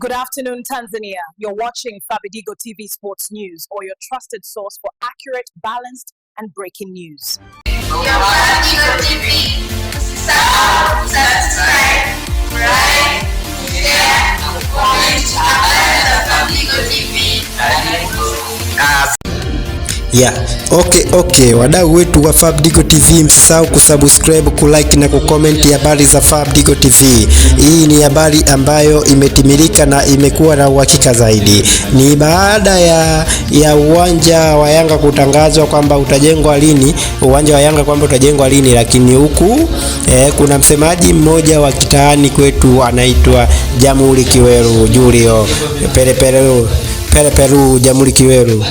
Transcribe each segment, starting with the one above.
Good afternoon, Tanzania. You're watching Fabidigo TV Sports News or your trusted source for accurate, balanced, and breaking news. Fabidigo TV. Subscribe, like, share, comment, and Fabidigo TV. Yeah. Okay, okay. Wadau wetu wa Fabidigo TV msahau kusubscribe, kulike na kukomenti habari za Fabidigo TV. Hii ni habari ambayo imetimilika na imekuwa na uhakika zaidi. Ni baada ya ya uwanja wa Yanga kutangazwa kwamba utajengwa lini, uwanja wa Yanga kwamba utajengwa lini, lakini huku eh, kuna msemaji mmoja wa kitaani kwetu anaitwa Jamhuri Kiweru Julio Pereperu Pereperu Jamhuri Kiweru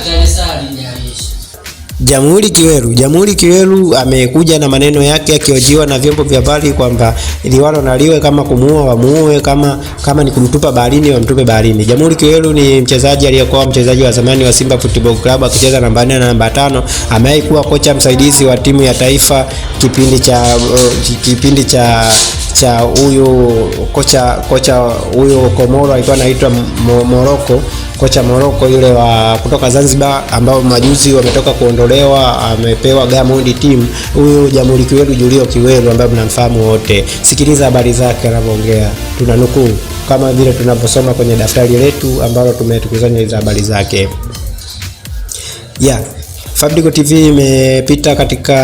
Jamhuri Kiweru. Jamhuri Kiweru amekuja na maneno yake akiojiwa na vyombo vya habari kwamba liwalo na liwe, kama kumuua wamuue, kama kama ni kumtupa baharini wamtupe baharini. Jamhuri Kiweru ni mchezaji aliyekuwa mchezaji wa zamani wa Simba Football Club akicheza namba 4 na namba tano. Amewahi kuwa kocha msaidizi wa timu ya taifa kipindi cha uh, kipindi cha cha huyu kocha kocha huyo Komoro alikuwa anaitwa Moroko, kocha Moroko yule wa kutoka Zanzibar, ambao majuzi wametoka kuondolewa, amepewa Gamondi team. Huyu Jamhuri Kiwelu Julio Kiwelu ambaye mnamfahamu wote, sikiliza habari zake anavyoongea, tunanukuu kama vile tunavyosoma kwenye daftari letu ambalo tumetukuzanya hizo habari zake yeah. Fabidigo TV imepita katika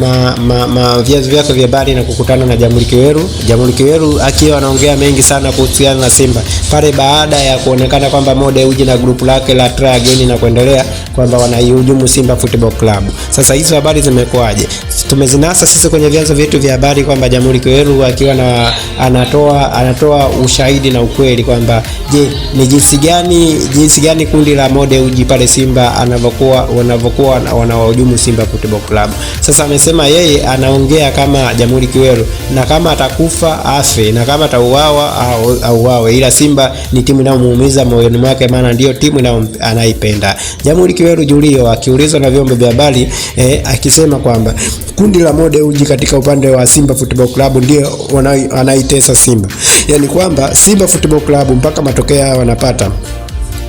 ma, ma, vyake vya habari na kukutana na Jamhuri Kiweru. Jamhuri Kiweru akiwa anaongea mengi sana kuhusiana na Simba pale baada ya kuonekana kwamba Mode Uji na grupu lake la Try Again na kuendelea kwamba wanaihujumu Simba Football Club. Sasa hizo habari zimekuwaje? Tumezinasa sisi kwenye vyanzo vyetu vya habari kwamba Jamhuri Kiweru akiwa na anatoa anatoa ushahidi na ukweli kwamba je, ni jinsi gani jinsi gani kundi la Mode Uji pale Simba anavyokuwa wanavyokuwa walikuwa wanawahujumu Simba Football Club. Sasa amesema yeye anaongea kama Jamhuri Kiwero, na kama atakufa afe, na kama atauawa auawe, ila Simba ni timu inayomuumiza moyoni mwake, maana ndiyo timu na anaipenda. Jamhuri Kiwero Julio akiulizwa na vyombo vya habari eh, akisema kwamba kundi la Mode Uji katika upande wa Simba Football Club ndio wanaitesa Simba, yaani kwamba Simba Football Club mpaka matokeo haya wanapata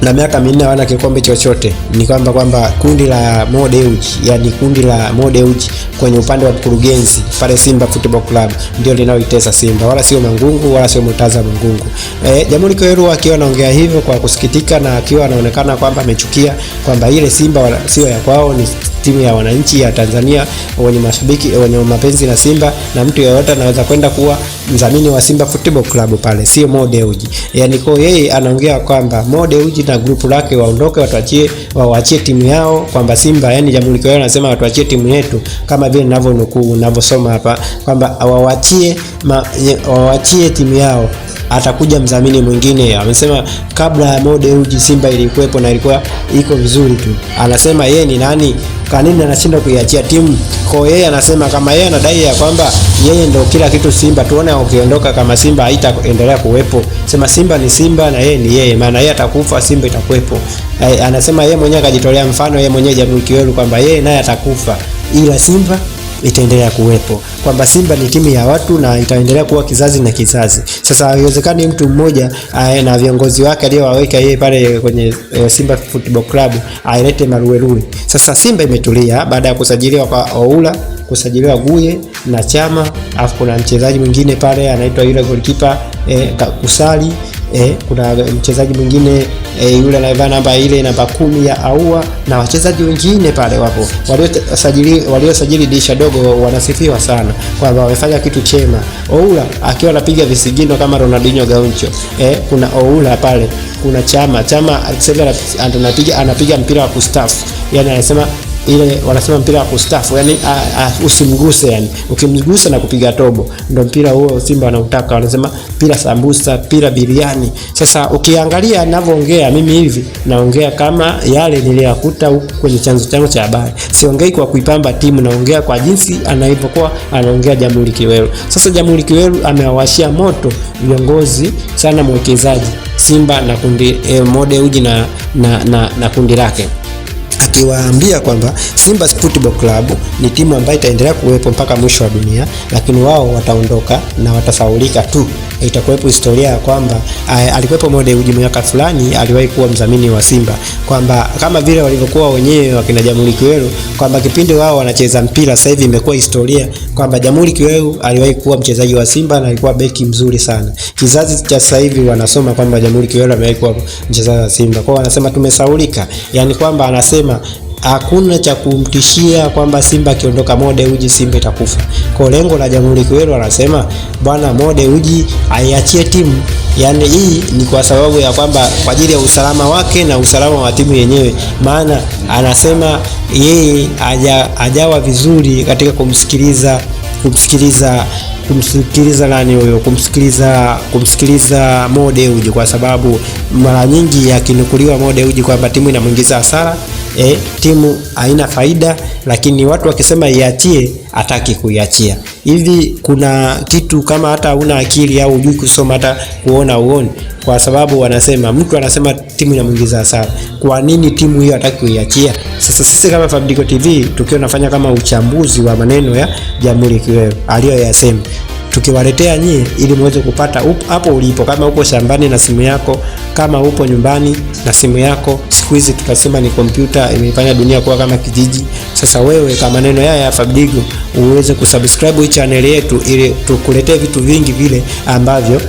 na miaka minne hawana kikombe chochote. Ni kwamba kwamba kundi la Modeuji, yani kundi la Modeuji kwenye upande wa mkurugenzi pale Simba Football Club ndio linaloitesa Simba, wala sio Mangungu wala sio Murtaza Mangungu. E, Jamhuri Kweru akiwa anaongea hivyo kwa kusikitika na akiwa anaonekana kwamba amechukia kwamba ile Simba sio ya kwao ni timu ya wananchi ya Tanzania wenye mashabiki wenye mapenzi na Simba, na mtu yeyote anaweza kwenda kuwa mdhamini wa Simba Football Club pale, sio Mo Dewji. Yani kwa yeye anaongea kwamba Mo Dewji na grupu lake waondoke, watuachie, waachie timu yao kwamba Simba, yani jamhuri yao anasema watuachie timu yetu, kama vile ninavyonukuu ninavyosoma hapa kwamba wawaachie wawaachie timu yao atakuja mdhamini mwingine. Amesema kabla ya Mo Dewji Simba ilikuwepo na ilikuwa iko vizuri tu. Anasema yeye ni nani? kanini anashinda kuiachia timu. Kwa yeye anasema kama yeye anadai ya kwamba yeye ndio kila kitu Simba, tuone ukiondoka kama Simba haitaendelea kuwepo. Sema Simba ni Simba na yeye ni yeye, maana yeye atakufa, Simba itakuwepo. Eh, anasema yeye mwenyewe akajitolea mfano yeye mwenyewe Jabir Kiwelu kwamba yeye naye atakufa, ila Simba itaendelea kuwepo, kwamba Simba ni timu ya watu na itaendelea kuwa kizazi na kizazi. Sasa haiwezekani mtu mmoja eh, na viongozi wake aliyowaweka yeye pale kwenye e, Simba Football Club ailete maruerue. Sasa Simba imetulia baada ya kusajiliwa kwa Oula kusajiliwa Guye na Chama, afu kuna mchezaji mwingine pale anaitwa yule goalkeeper e, Kusali eh, kuna mchezaji mwingine eh, yule anayevaa namba ile namba kumi ya Aua na wachezaji wengine pale wapo waliosajili waliosajili dirisha dogo, wanasifiwa sana kwamba wamefanya kitu chema. Oula akiwa anapiga visigino kama Ronaldinho Gaucho eh, kuna Oula pale, kuna Chama Chama anapiga anapiga mpira wa kustafu, yani anasema ile wanasema mpira wa kustafu yani, usimguse yani, ukimgusa na kupiga tobo. ndo mpira huo Simba wanautaka, wanasema pira sambusa, pira biriani. Sasa ukiangalia ninavyoongea mimi hivi, naongea kama yale niliyakuta huko kwenye chanzo changu cha habari, siongei kwa kuipamba timu, naongea kwa jinsi anavyokuwa anaongea Jamhuri Kiweru. Sasa Jamhuri Kiweru amewawashia moto viongozi sana, mwekezaji Simba na kundi eh, mode uji na, na, na, na kundi lake akiwaambia kwamba Simba Football Club ni timu ambayo itaendelea kuwepo mpaka mwisho wa dunia, lakini wao wataondoka na watafaulika tu itakuwepo historia ya kwamba eh, alikuwepo Mo Dewji miaka fulani aliwahi kuwa mdhamini wa Simba, kwamba kama vile walivyokuwa wenyewe wakina Jamhuri Kiweru kwamba kipindi wao wanacheza mpira, sasa hivi imekuwa historia kwamba Jamhuri Kiweru aliwahi kuwa mchezaji wa Simba na alikuwa beki mzuri sana. Kizazi cha sasa hivi wanasoma kwamba Jamhuri Kiweru amewahi kuwa mchezaji wa Simba, kwao wanasema tumesaulika, yani kwamba anasema hakuna cha kumtishia kwamba Simba akiondoka Mode Uji Simba itakufa. Kwa lengo la Jamhuri Kiwelu anasema bwana Mode Uji aiachie timu. Yaani hii ni kwa sababu ya kwamba kwa ajili ya usalama wake na usalama wa timu yenyewe, maana anasema yeye haja, hajawa vizuri katika kumsikiliza kumsikiliza kumsikiliza nani huyo, kumsikiliza kumsikiliza Mo Dewji, kwa sababu mara nyingi akinukuliwa Mo Dewji kwamba timu inamuingiza hasara e, timu haina faida, lakini watu wakisema iachie, ataki kuiachia. Hivi kuna kitu kama hata una akili au hujui kusoma hata kuona uone, kwa sababu wanasema mtu anasema timu inamwingiza hasara. Kwa nini timu hiyo hataki kuiachia? Sasa sisi kama Fabidigo TV tukiwa nafanya kama uchambuzi wa maneno ya Jamhuri kiwewe aliyoyasema tukiwaletea nyie ili muweze kupata hapo ulipo, kama upo shambani na simu yako, kama upo nyumbani na simu yako. Siku hizi tunasema ni kompyuta imeifanya dunia kuwa kama kijiji. Sasa wewe, kwa maneno yaya ya Fabidigo, uweze kusubscribe hii channel yetu ili tukuletee vitu vingi vile ambavyo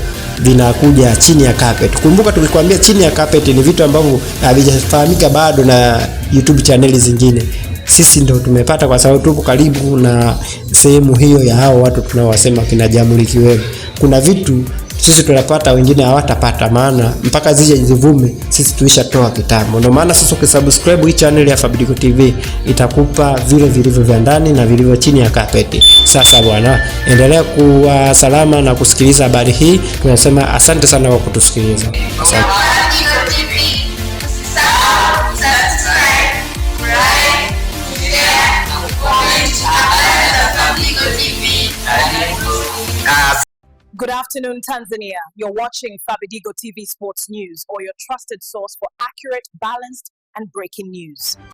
vinakuja chini ya carpet. Kumbuka tulikwambia chini ya carpet ni vitu ambavyo havijafahamika bado na YouTube channel zingine sisi ndo tumepata kwa sababu tupo karibu na sehemu hiyo ya hao watu tunaowasema kina Jamhuri Kiwemo. Kuna vitu sisi tunapata wengine hawatapata, maana mpaka zije zivume sisi tulishatoa kitambo. Ndio maana sasa ukisubscribe hii channel ya Fabidigo TV itakupa vile vilivyo vya ndani na vilivyo chini ya kapeti. Sasa bwana, endelea kuwa salama na kusikiliza habari hii. Tunasema asante sana kwa kutusikiliza, asante. Good afternoon, Tanzania. You're watching Fabidigo TV Sports News or your trusted source for accurate, balanced, and breaking news.